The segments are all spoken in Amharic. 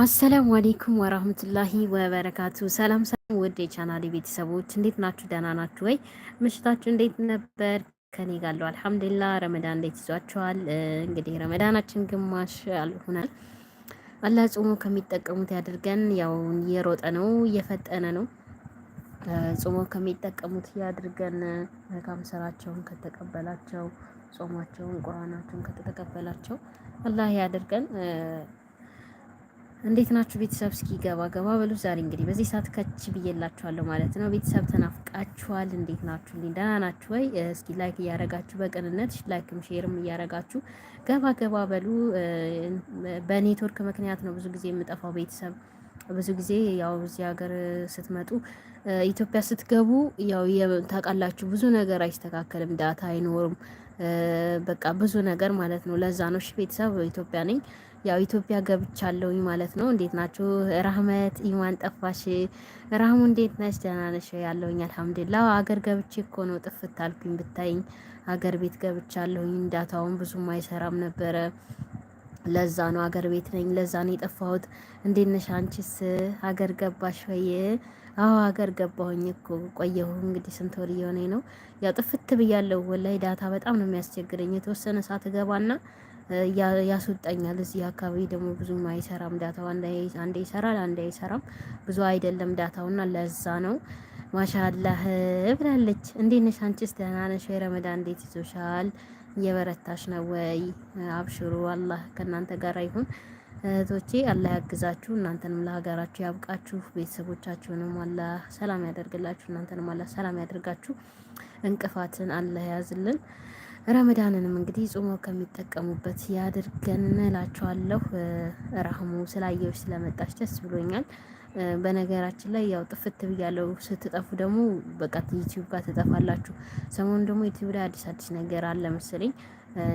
አሰላሙ አሌይኩም ወራህመቱላሂ ወበረካቱ። ሰላም ሰላም፣ ውድ የቻናሌ ቤተሰቦች እንዴት ናችሁ? ደህና ናችሁ ወይ? ምሽታችሁ እንዴት ነበር? ከኔ ጋር ጋለው አልሐምዱሊላ። ረመዳን እንዴት ይዟችኋል? እንግዲህ ረመዳናችን ግማሽ አልሆናል። አላህ ጾሙ ከሚጠቀሙት ያድርገን። ያው እየሮጠ ነው እየፈጠነ ነው። ጾሙ ከሚጠቀሙት ያድርገን። መልካም ስራቸውን ከተቀበላቸው፣ ጾማቸውን ቁርአናቸውን ከተቀበላቸው አላህ ያድርገን። እንዴት ናችሁ ቤተሰብ? እስኪ ገባ ገባ በሉ። ዛሬ እንግዲህ በዚህ ሰዓት ከች ብዬላችኋለሁ ማለት ነው። ቤተሰብ ተናፍቃችኋል። እንዴት ናችሁ? እንዴ ደህና ናችሁ ወይ? እስኪ ላይክ እያረጋችሁ በቅንነት ላይክም ሼርም እያረጋችሁ ገባ ገባ በሉ። በኔትወርክ ምክንያት ነው ብዙ ጊዜ የምጠፋው ቤተሰብ። ብዙ ጊዜ ያው እዚህ ሀገር ስትመጡ ኢትዮጵያ ስትገቡ ያው ታውቃላችሁ፣ ብዙ ነገር አይስተካከልም፣ ዳታ አይኖርም፣ በቃ ብዙ ነገር ማለት ነው። ለዛ ነው እሺ ቤተሰብ ኢትዮጵያ ነኝ ያው ኢትዮጵያ ገብቻለሁኝ ማለት ነው። እንዴት ናችሁ? ራህመት ኢማን ጠፋሽ። ራህሙ እንዴት ነሽ? ደህና ነሽ? ያለሁኝ አልሐምዱሊላህ። አገር ገብቼ እኮ ነው ጥፍት አልኩኝ ብታይኝ። አገር ቤት ገብቻለሁኝ። እንዳታውን ብዙም አይሰራም ነበረ። ለዛ ነው አገር ቤት ነኝ። ለዛ ነው የጠፋሁት። እንዴት ነሽ? አንቺስ አገር ገባሽ ወይ? አዎ አገር ገባሁኝ እኮ ቆየሁ። እንግዲህ ስንት ወር እየሆነኝ ነው። ያው ጥፍት ብያለሁ። ወላይ ዳታ በጣም ነው የሚያስቸግረኝ። የተወሰነ ሰዓት ገባና ያስወጣኛል። እዚህ አካባቢ ደግሞ ብዙም አይሰራም ዳታው፣ አንዴ ይሰራል፣ አንዴ አይሰራም። ብዙ አይደለም ዳታውና ለዛ ነው። ማሻአላህ ብላለች። እንዴት ነሽ አንቺስ? ደህና ነሽ ወይ? ረመዳን እንዴት ይዞሻል? እየበረታሽ ነው ወይ? አብሽሩ፣ አላህ ከእናንተ ጋር ይሁን። እህቶቼ አላህ ያግዛችሁ፣ እናንተንም ለሀገራችሁ ያብቃችሁ። ቤተሰቦቻችሁንም አላህ ሰላም ያደርግላችሁ፣ እናንተንም አላህ ሰላም ያደርጋችሁ። እንቅፋትን አላህ ያዝልን። ረመዳንንም እንግዲህ ጾሞ ከሚጠቀሙበት ያድርገን እላችኋለሁ። ራህሙ ስላየሁሽ ስለመጣች ደስ ብሎኛል። በነገራችን ላይ ያው ጥፍት ብያለሁ። ስትጠፉ ደግሞ በቃ ዩቲዩብ ጋር ትጠፋላችሁ። ሰሞኑን ደግሞ ዩቲዩብ ላይ አዲስ አዲስ ነገር አለ መሰለኝ።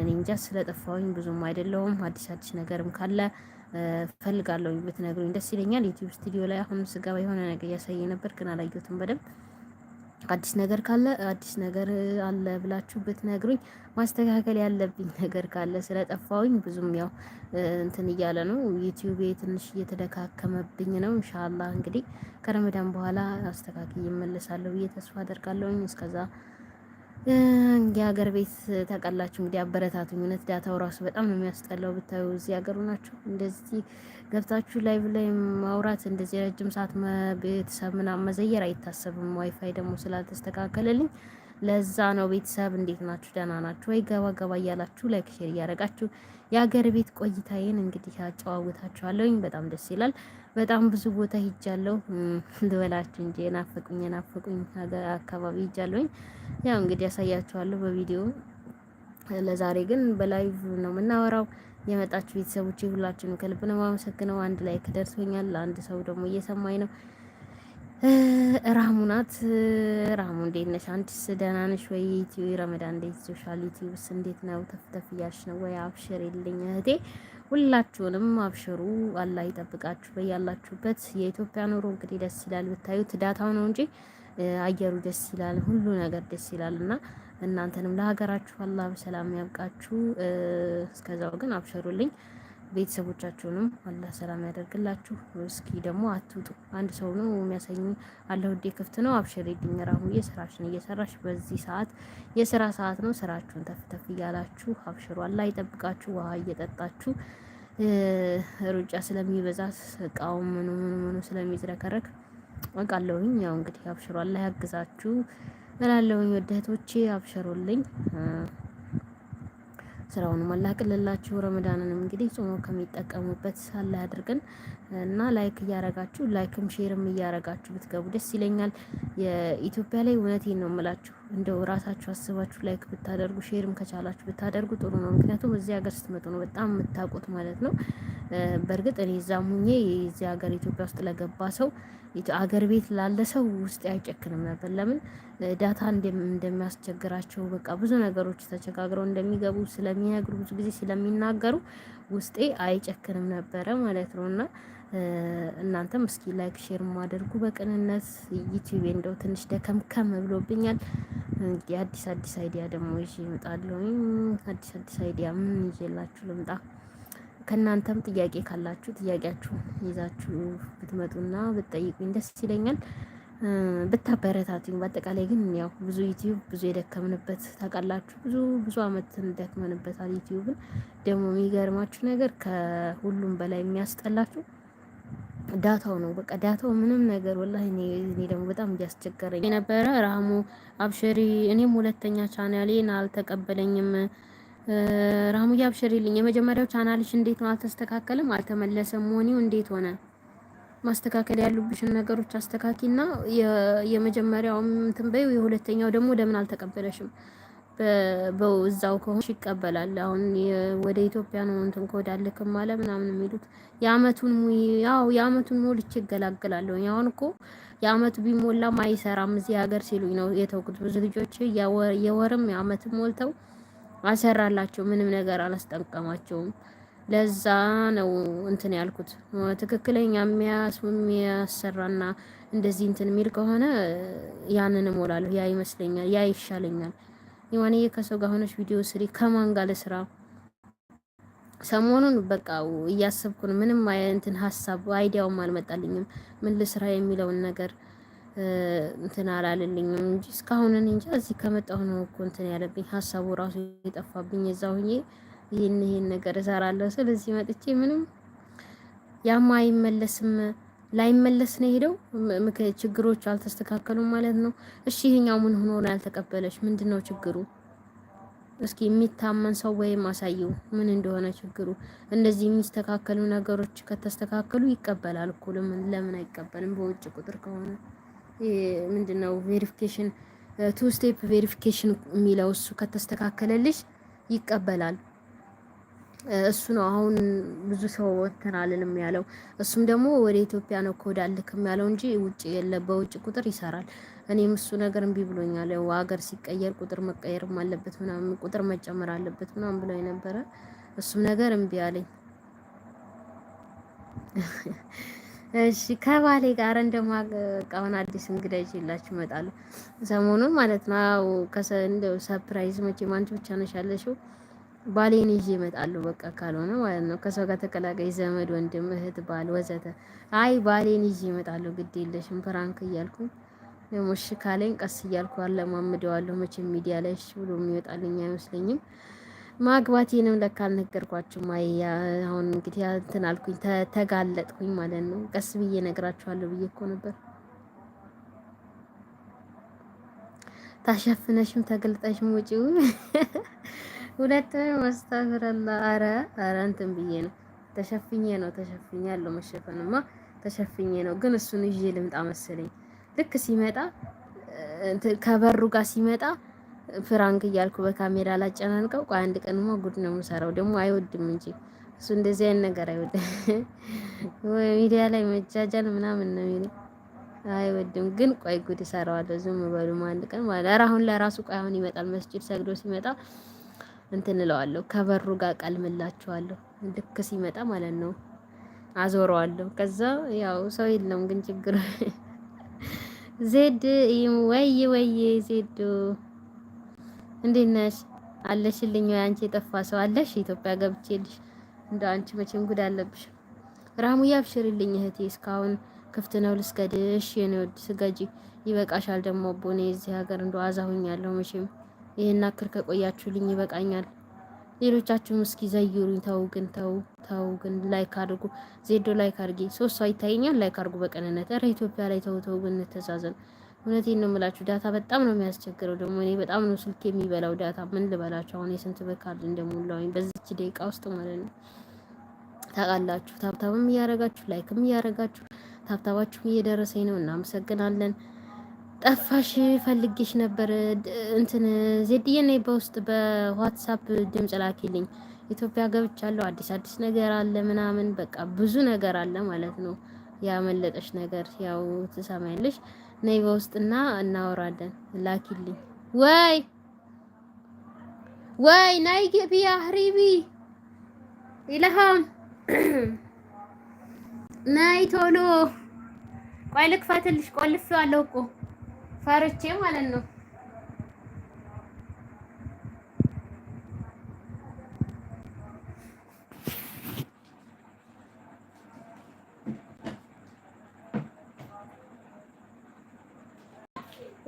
እኔ እንጃ ስለጠፋሁኝ ብዙም አይደለሁም። አዲስ አዲስ ነገርም ካለ ፈልጋለሁ ብትነግሩኝ ደስ ይለኛል። ዩቲዩብ ስቱዲዮ ላይ አሁን ስገባ የሆነ ነገር እያሳየ ነበር፣ ግን አላየሁትም በደንብ አዲስ ነገር ካለ አዲስ ነገር አለ ብላችሁ ብትነግሩኝ፣ ማስተካከል ያለብኝ ነገር ካለ ስለጠፋውኝ ብዙም ያው እንትን እያለ ነው። ዩቲዩብ ትንሽ እየተደካከመብኝ ነው። ኢንሻአላህ እንግዲህ ከረመዳን በኋላ አስተካክዬ ይመለሳለሁ ብዬ ተስፋ አደርጋለሁኝ። እስከዛ እንግዲህ ሀገር ቤት ታውቃላችሁ፣ እንግዲህ አበረታቱኝ። እውነት ዳታው ራሱ በጣም ነው የሚያስጠላው። ብታዩ እዚህ ሀገር ሆናችሁ እንደዚህ ገብታችሁ ላይቭ ላይ ማውራት እንደዚህ ረጅም ሰዓት ቤተሰብ ምናምን መዘየር አይታሰብም። ዋይፋይ ደግሞ ስላልተስተካከለልኝ ለዛ ነው። ቤተሰብ እንዴት ናችሁ? ደህና ናችሁ ወይ? ገባ ገባ እያላችሁ ላይክ ሼር እያደረጋችሁ የሀገር ቤት ቆይታዬን እንግዲህ አጨዋውታችኋለሁኝ። በጣም ደስ ይላል። በጣም ብዙ ቦታ ሂጃለሁ ልበላችሁ እንጂ የናፈቁኝ የናፈቁኝ አካባቢ ሂጃለሁኝ። ያው እንግዲህ ያሳያችኋለሁ በቪዲዮ። ለዛሬ ግን በላይቭ ነው የምናወራው። የመጣችሁ ቤተሰቦች ሁላችሁንም ከልብ ነው የማመሰግነው። አንድ ላይ ደርሶኛል። አንድ ሰው ደግሞ እየሰማኝ ነው። ራሙናት ራሙ እንዴት ነሽ? አንቺስ ደህና ነሽ ወይ? ዩቲዩብ ረመዳን እንዴት ሶሻል ዩቲዩብስ እንዴት ነው? ተፍተፍ እያልሽ ነው ወይ? አብሽር የለኝ እህቴ ሁላችሁንም አብሽሩ፣ አላህ ይጠብቃችሁ በያላችሁበት። የኢትዮጵያ ኑሮ እንግዲህ ደስ ይላል ብታዩት፣ ዳታው ነው እንጂ አየሩ ደስ ይላል፣ ሁሉ ነገር ደስ ይላል እና እናንተንም ለሀገራችሁ አላህ በሰላም ያብቃችሁ። እስከዛው ግን አብሽሩልኝ፣ ቤተሰቦቻችሁንም አላህ ሰላም ያደርግላችሁ። እስኪ ደግሞ አትውጡ። አንድ ሰው ነው የሚያሰኝ አለ። ውዴ ክፍት ነው አብሽር ይድኝ ራሁዬ ስራሽን እየሰራሽ በዚህ ሰዓት የስራ ሰዓት ነው። ስራችሁን ተፍተፍ እያላችሁ አብሽሩ፣ አላህ ይጠብቃችሁ። ውሃ እየጠጣችሁ ሩጫ ስለሚበዛ እቃው ምኑ ምኑ ምኑ ስለሚዝረከረክ አውቃለሁኝ። ያው እንግዲህ አብሽሯል አላህ ያግዛችሁ እላለሁኝ። ወደ እህቶቼ አብሽሩልኝ። ስራውን አላቅልላችሁ ረመዳንንም እንግዲህ ጾሞ ከሚጠቀሙበት ሳለ አድርገን እና ላይክ እያረጋችሁ ላይክም ሼርም እያረጋችሁ ብትገቡ ደስ ይለኛል። የኢትዮጵያ ላይ እውነቴን ነው የምላችሁ፣ እንደው ራሳችሁ አስባችሁ ላይክ ብታደርጉ ሼርም ከቻላችሁ ብታደርጉ ጥሩ ነው። ምክንያቱም እዚህ ሀገር ስትመጡ ነው በጣም የምታውቁት ማለት ነው። በእርግጥ እኔ እዛ ሙኜ የዚህ ሀገር ኢትዮጵያ ውስጥ ለገባ ሰው አገር ቤት ላለ ሰው ውስጥ አይጨክንም ነበር። ለምን ዳታ እንደሚያስቸግራቸው በቃ ብዙ ነገሮች ተቸጋግረው እንደሚገቡ ስለሚነግሩ ብዙ ጊዜ ስለሚናገሩ ውስጤ አይጨክንም ነበረ ማለት ነው። እና እናንተም እስኪ ላይክ ሼር ማደርጉ በቅንነት ዩቲዩብ እንደው ትንሽ ደከምከም ብሎብኛል። እንግዲህ አዲስ አዲስ አይዲያ ደግሞ ይዤ እመጣለሁ። አዲስ አዲስ አይዲያ ምን ይዤላችሁ ልምጣ? ከእናንተም ጥያቄ ካላችሁ ጥያቄያችሁን ይዛችሁ ብትመጡና ብትጠይቁኝ ደስ ይለኛል፣ ብታበረታቱኝ። በአጠቃላይ ግን ያው ብዙ ዩትዩብ ብዙ የደከምንበት ታውቃላችሁ። ብዙ ብዙ አመት ደክመንበታል። ዩትዩብን ደግሞ የሚገርማችሁ ነገር ከሁሉም በላይ የሚያስጠላችሁ ዳታው ነው። በቃ ዳታው ምንም ነገር ወላሂ እኔ እኔ ደግሞ በጣም እያስቸገረኝ የነበረ ራሙ አብሸሪ እኔም ሁለተኛ ቻናሌን አልተቀበለኝም ራሙያ አብሽሪልኝ። የመጀመሪያው ቻናልሽ እንዴት ነው? አልተስተካከለም፣ አልተመለሰም። ሞኒው እንዴት ሆነ? ማስተካከል ያሉብሽን ነገሮች አስተካኪና የመጀመሪያው እንትን በይ። የሁለተኛው ደግሞ ለምን አልተቀበለሽም? በዛው ከሆንሽ ይቀበላል። አሁን ወደ ኢትዮጵያ ነው እንትን ኮዳልክም አለ ምናምን የሚሉት የአመቱን ያው የአመቱን ሞልቼ ይገላግላለሁ። አሁን እኮ የአመቱ ቢሞላም አይሰራም እዚህ ሀገር ሲሉኝ ነው የተውኩት። ብዙ ልጆች የወርም የአመትም ሞልተው አልሰራላቸው፣ ምንም ነገር አላስጠቀማቸውም። ለዛ ነው እንትን ያልኩት። ትክክለኛ የሚያሰራና እንደዚህ እንትን የሚል ከሆነ ያንን እሞላለሁ። ያ ይመስለኛል፣ ያ ይሻለኛል። የዋንዬ ከሰው ጋር ሆነች ቪዲዮ ስሪ፣ ከማን ጋር ልስራ? ሰሞኑን በቃ እያሰብኩ ነው። ምንም እንትን ሀሳብ አይዲያውም አልመጣልኝም፣ ምን ልስራ የሚለውን ነገር እንትን አላለልኝም እንጂ እስካሁን እንጃ እዚህ ከመጣሁ ነው እኮ እንትን ያለብኝ ሀሳቡ ራሱ የጠፋብኝ እዛው ሁኜ ይህን ይህን ነገር እሰራለሁ ስለዚህ መጥቼ ምንም ያማ አይመለስም ላይመለስ ነው ሄደው ችግሮች አልተስተካከሉም ማለት ነው። እሺ ይሄኛው ምን ሆኖ ነው ያልተቀበለች? ምንድን ነው ችግሩ? እስኪ የሚታመን ሰው ወይም አሳየው ምን እንደሆነ ችግሩ። እንደዚህ የሚስተካከሉ ነገሮች ከተስተካከሉ ይቀበላል እኮ ለምን ለምን አይቀበልም? በውጭ ቁጥር ከሆነ ምንድነው ቬሪፊኬሽን ቱ ስቴፕ ቬሪፊኬሽን የሚለው እሱ ከተስተካከለልሽ ይቀበላል። uh, እሱ ነው አሁን ብዙ ሰው እንትን አልልም ያለው። እሱም ደግሞ ወደ ኢትዮጵያ ነው ኮድ አልክም ያለው እንጂ ውጭ የለ በውጭ ቁጥር ይሰራል። እኔም እሱ ነገር እምቢ ብሎኛል። ያው ሀገር ሲቀየር ቁጥር መቀየርም አለበት ምናምን ቁጥር መጨመር አለበት ምናምን ብለው የነበረ እሱም ነገር እምቢ አለኝ። እሺ ከባሌ ጋር እንደማ እቃውን አዲስ እንግዳ ይዤላችሁ እመጣለሁ። ሰሞኑን ማለት ነው። ከሰ እንደው ሰርፕራይዝ መቼም አንቺ ብቻ ነሽ ያለሽው። ባሌን ይዤ እመጣለሁ። በቃ ካልሆነ ማለት ነው ከሰው ጋር ተቀላቀይ፣ ዘመድ፣ ወንድም፣ እህት፣ ባል ወዘተ። አይ ባሌን ይዤ እመጣለሁ፣ ግድ የለሽም ፍራንክ እያልኩኝ ደግሞ እሺ ካለኝ ቀስ እያልኩ አለማምደዋለሁ። መቼም ሚዲያ ላይ እሺ ብሎ የሚወጣልኝ አይመስለኝም። ማግባቴንም ለካ አልነገርኳችሁም። አይ አሁን እንግዲህ እንትን አልኩኝ፣ ተጋለጥኩኝ ማለት ነው። ቀስ ብዬ ነግራችኋለሁ ብዬ እኮ ነበር። ታሸፍነሽም ተገልጠሽም ውጪው ሁለት ነው መስተፈረላ አረ አረ እንትን ብዬ ነው ተሸፍኜ ነው ተሸፍኜ ያለው መሸፈንማ ተሸፍኜ ነው። ግን እሱን ይዤ ልምጣ መሰለኝ ልክ ሲመጣ ከበሩ ጋር ሲመጣ ፍራንክ እያልኩ በካሜራ ላጨናንቀው። ቆይ አንድ ቀንማ ጉድ ነው የምሰራው። ደግሞ አይወድም እንጂ እሱ እንደዚህ አይነት ነገር አይወድም። ወይ ሚዲያ ላይ መጃጃል ምናምን ነው የሚል አይወድም። ግን ቆይ ጉድ እሰራዋለሁ። ዝም በሉም አንድ ቀን ማለት አሁን ለራሱ ቆይ አሁን ይመጣል። መስጂድ ሰግዶ ሲመጣ እንትን እለዋለሁ ከበሩ ጋር ቀልምላችኋለሁ። ልክ ሲመጣ ማለት ነው አዞረዋለሁ። ከዛ ያው ሰው የለም ግን ችግር ዜድ ወይ ወይ ዜድ እንዴት ነሽ? አለሽልኝ ወይ አንቺ የጠፋ ሰው አለሽ? ኢትዮጵያ ገብቼልሽ እንደ አንቺ መቼም ጉድ አለብሽ። ራሙ ያብሽርልኝ እህቴ፣ እስካሁን ክፍት ነው ልስገድሽ። የኔ ወድ ስገጂ ይበቃሻል። ደግሞ ቦኔ እዚህ ሀገር እንደ ያለው መቼም ይሄን አክል ከቆያችሁልኝ ይበቃኛል። ሌሎቻችሁም እስኪ ዘይሩኝ። ተው ግን ተው ተው ግን ላይክ አድርጉ። ዜዶ ላይክ አድርጊ። ሶስት ሰው ይታየኛል። ላይክ አድርጉ በቀንነት። ኧረ ኢትዮጵያ ላይ ተው ተው ግን እንተዛዘን እውነቴን ነው የምላችሁ። ዳታ በጣም ነው የሚያስቸግረው። ደግሞ እኔ በጣም ነው ስልክ የሚበላው ዳታ። ምን ልበላችሁ አሁን የስንት በካርድ እንደሞላ እንደሞላሁኝ በዚች ደቂቃ ውስጥ ማለት ነው። ታውቃላችሁ። ታብታብም እያረጋችሁ ላይክም እያረጋችሁ ታብታባችሁም እየደረሰኝ ነው። እናመሰግናለን። ጠፋሽ ፈልጌሽ ነበር። እንትን ዜድዬ በውስጥ በዋትሳፕ ድምጽ ላኪልኝ። ኢትዮጵያ ገብቻለሁ። አዲስ አዲስ ነገር አለ ምናምን፣ በቃ ብዙ ነገር አለ ማለት ነው። ያመለጠሽ ነገር ያው ትሰማያለሽ ነይ በውስጥና እናወራለን። ላኪልኝ ወይ ወይ ናይ ግቢ አህሪቢ ይለሃም ናይ ቶሎ ቆይ ልክፈትልሽ ቆልፌዋለሁ እኮ ፈርቼ ማለት ነው።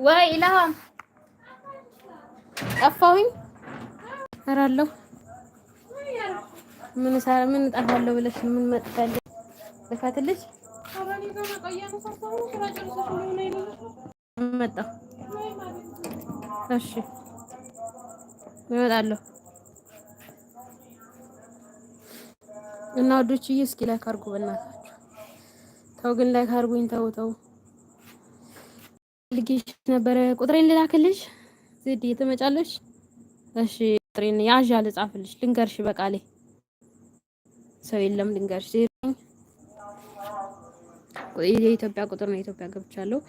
ወይ ኢልሃም ጠፋሁኝ። ኧረ ምን ሳራ ምን እጠፋለሁ ብለሽ ምን መጥፋለሽ? ልፋትልሽ መጣሁ። እሺ እመጣለሁ እና ወዶች እስኪ ላይክ አድርጉ በእናታችሁ። ተው ግን ላይክ አድርጉኝ። ተው ተው ልጌሽ ነበረ ቁጥሬን ልላክልሽ ዝድ የተመጫለሽ እሺ ቁጥሬን ያዣ ልጻፍልሽ። ልንገርሽ በቃሌ ሰው የለም ልንገርሽ። የኢትዮጵያ ቁጥር ነው። ኢትዮጵያ ገብቻለሁ።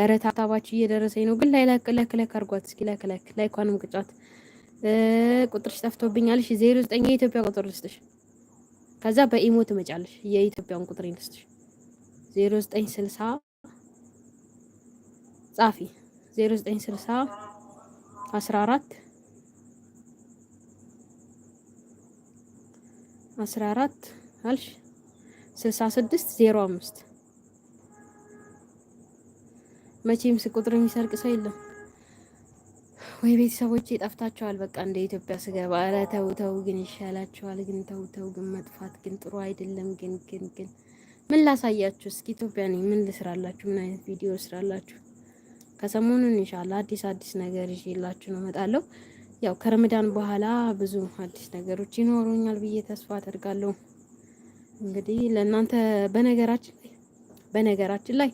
ኧረ ታታባች እየደረሰኝ ነው ግን ላይ ላክ ለክ ለክ አርጓት እስኪ ለክ ለክ ላይ ኳንም ግጫት ቁጥርሽ ጠፍቶብኛልሽ። ዜሮ ዘጠኝ የኢትዮጵያ ቁጥር ልስጥሽ። ከዛ በኢሞ ትመጫለሽ። የኢትዮጵያን ቁጥሬን ልስጥሽ ዜሮ ዘጠኝ ስልሳ ጻፊ 0960 14 14 አልሽ 66 05 መቼም ስቁጥር የሚሰርቅ ሰው የለም። ወይ ቤተሰቦች ይጠፍታቸዋል። በቃ እንደ ኢትዮጵያ ስገባ ባለ ተው ተው፣ ግን ይሻላቸዋል። ግን ተው ተው፣ ግን መጥፋት ግን ጥሩ አይደለም። ግን ግን ግን ምን ላሳያችሁ እስኪ ኢትዮጵያ ነኝ። ምን ልስራላችሁ? ምን አይነት ቪዲዮ ስራላችሁ? ከሰሞኑን እንሻላ አዲስ አዲስ ነገር ይዤላችሁ ነው እመጣለሁ። ያው ከረመዳን በኋላ ብዙ አዲስ ነገሮች ይኖሩኛል ብዬ ተስፋ አደርጋለሁ። እንግዲህ ለእናንተ በነገራችን ላይ በነገራችን ላይ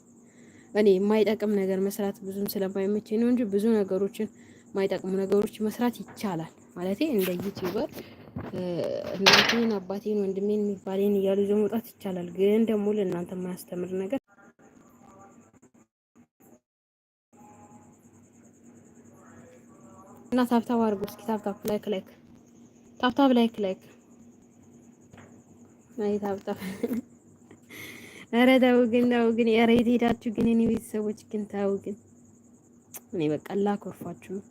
እኔ የማይጠቅም ነገር መስራት ብዙም ስለማይመቸኝ ነው እንጂ ብዙ ነገሮችን የማይጠቅሙ ነገሮች መስራት ይቻላል። ማለት እንደ ዩቲዩበር እናቴን፣ አባቴን፣ ወንድሜን የሚባሌን እያሉ ይዞ መውጣት ይቻላል። ግን ደግሞ ለእናንተ የማያስተምር ነገር እና ታብታብ አድርጉ እስኪ ታብታብ ላይክ ላይክ ታብታብ ላይክ ላይክ አይ ታብታብ ኧረ ተው ግን ተው ግን ኧረ የት ሄዳችሁ ግን የእኔ ቤተሰቦች ግን ተው ግን እኔ በቃ ላኮርፋችሁ ነው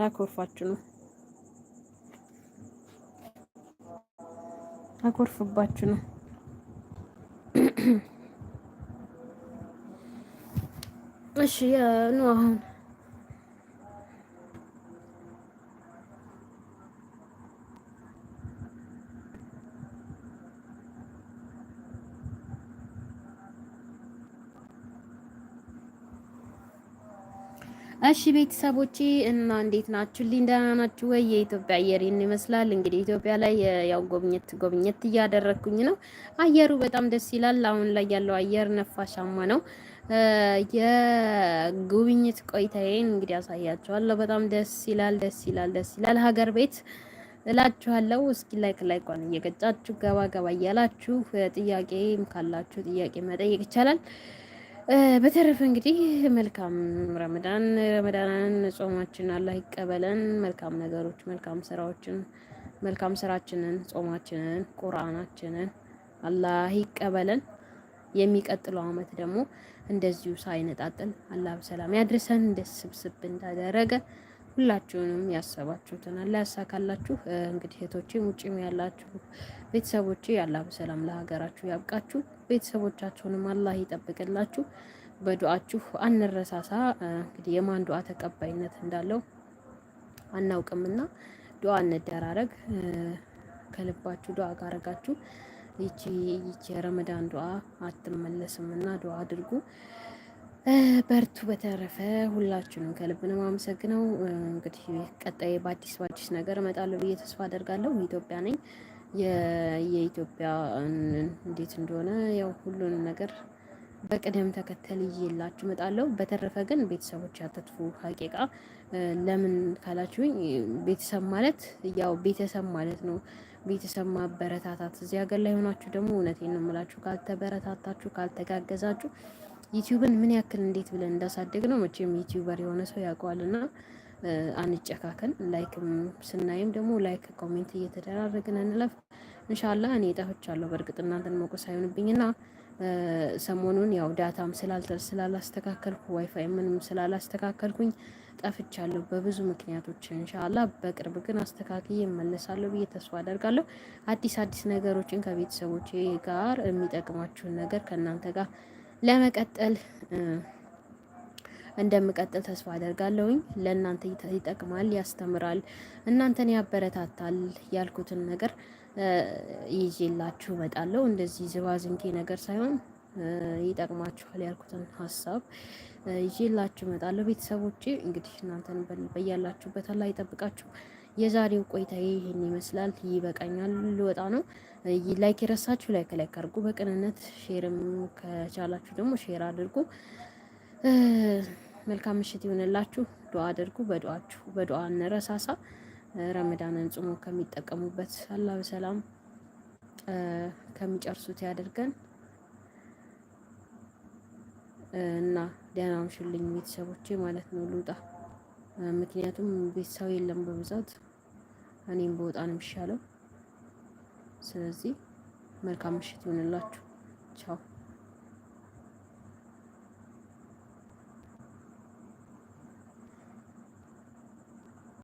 ላኮርፋችሁ ነው አኮርፍባችሁ ነው እሺ ኑ አሁን እሺ ቤተሰቦቼ እና እንዴት ናችሁ? ልኝ ደህና ናችሁ ወይ? የኢትዮጵያ አየር ይህን ይመስላል። እንግዲህ ኢትዮጵያ ላይ ያው ጎብኘት ጎብኘት እያደረግኩኝ ነው። አየሩ በጣም ደስ ይላል። አሁን ላይ ያለው አየር ነፋሻማ ነው። የጉብኝት ቆይታዬን እንግዲህ አሳያችኋለሁ። በጣም ደስ ይላል፣ ደስ ይላል፣ ደስ ይላል ሀገር ቤት እላችኋለሁ። እስኪ ላይክ ላይኳን እየገጫችሁ ገባ ገባ እያላችሁ ጥያቄም ካላችሁ ጥያቄ መጠየቅ ይቻላል። በተረፈ እንግዲህ መልካም ረመዳን ረመዳናን ጾማችን አላህ ይቀበለን። መልካም ነገሮች፣ መልካም ስራዎችን፣ መልካም ስራችንን፣ ጾማችንን፣ ቁርአናችንን አላህ ይቀበለን። የሚቀጥለው አመት ደግሞ እንደዚሁ ሳይነጣጥል አላህ በሰላም ያድርሰን። እንደ ስብስብ እንዳደረገ ሁላችሁንም ያሰባችሁትን አላ ያሳካላችሁ። እንግዲህ እህቶቼ ውጭም ያላችሁ ቤተሰቦቼ ያላ በሰላም ለሀገራችሁ ያብቃችሁ። ቤተሰቦቻችሁንም አላህ ይጠብቅላችሁ። በዱአችሁ አንረሳሳ። እንግዲህ የማን ዱአ ተቀባይነት እንዳለው አናውቅምና ዱአ እንደራረግ። ከልባችሁ ዱአ ካረጋችሁ ይቺ ይቺ የረመዳን ዱአ አትመለስምና ዱአ አድርጉ። በርቱ። በተረፈ ሁላችሁንም ከልብ ነው የማመሰግነው። እንግዲህ ቀጣይ በአዲስ በአዲስ ነገር እመጣለሁ ብዬ ተስፋ አደርጋለሁ። ኢትዮጵያ ነኝ። የኢትዮጵያ እንዴት እንደሆነ ያው ሁሉንም ነገር በቅደም ተከተል እየላችሁ እመጣለሁ። በተረፈ ግን ቤተሰቦች ያተትፉ ሀቂቃ ለምን ካላችሁኝ ቤተሰብ ማለት ያው ቤተሰብ ማለት ነው። ቤተሰብ ማበረታታት። እዚህ ሀገር ላይ ሆናችሁ ደግሞ እውነቴን ነው የምላችሁ ካልተበረታታችሁ፣ ካልተጋገዛችሁ ዩቲዩብን ምን ያክል እንዴት ብለን እንዳሳደግ ነው መቼም ዩቲዩበር የሆነ ሰው ያውቀዋልና አንጨካከን። ላይክ ስናይም ደግሞ ላይክ ኮሜንት እየተደራረግን እንለፍ። እንሻላ እኔ ጠፍቻለሁ በእርግጥ እናንተን መውቀስ አይሆንብኝና ሰሞኑን ያው ዳታም ስላልተር ስላላስተካከልኩ ዋይፋይ ምንም ስላላስተካከልኩኝ ጠፍቻለሁ በብዙ ምክንያቶች። እንሻላ በቅርብ ግን አስተካክዬ እመለሳለሁ ብዬ ተስፋ አደርጋለሁ። አዲስ አዲስ ነገሮችን ከቤተሰቦቼ ጋር የሚጠቅማችሁን ነገር ከእናንተ ጋር ለመቀጠል እንደምቀጥል ተስፋ አደርጋለሁኝ። ለእናንተ ይጠቅማል፣ ያስተምራል፣ እናንተን ያበረታታል ያልኩትን ነገር ይዤላችሁ እመጣለሁ። እንደዚህ ዝባዝንኬ ነገር ሳይሆን ይጠቅማችኋል ያልኩትን ሀሳብ ይዤላችሁ እመጣለሁ። ቤተሰቦቼ እንግዲህ እናንተን በያላችሁበት አላህ ይጠብቃችሁ። የዛሬው ቆይታዬ ይህን ይመስላል። ይበቃኛል፣ ልወጣ ነው። ላይክ የረሳችሁ ላይክ ላይክ አድርጉ በቅንነት ሼርም ከቻላችሁ ደግሞ ሼር አድርጉ። መልካም ምሽት ይሆንላችሁ። ዱዓ አድርጉ። በዱዓችሁ በዱዓ እንረሳሳ። ረመዳንን ጽሞ ከሚጠቀሙበት አላህ በሰላም ከሚጨርሱት ያደርገን እና ደህና አምሽልኝ ቤተሰቦቼ ማለት ነው። ልውጣ፣ ምክንያቱም ቤተሰብ የለም በብዛት እኔም በወጣ ነው የሚሻለው። ስለዚህ መልካም ምሽት ይሆንላችሁ። ቻው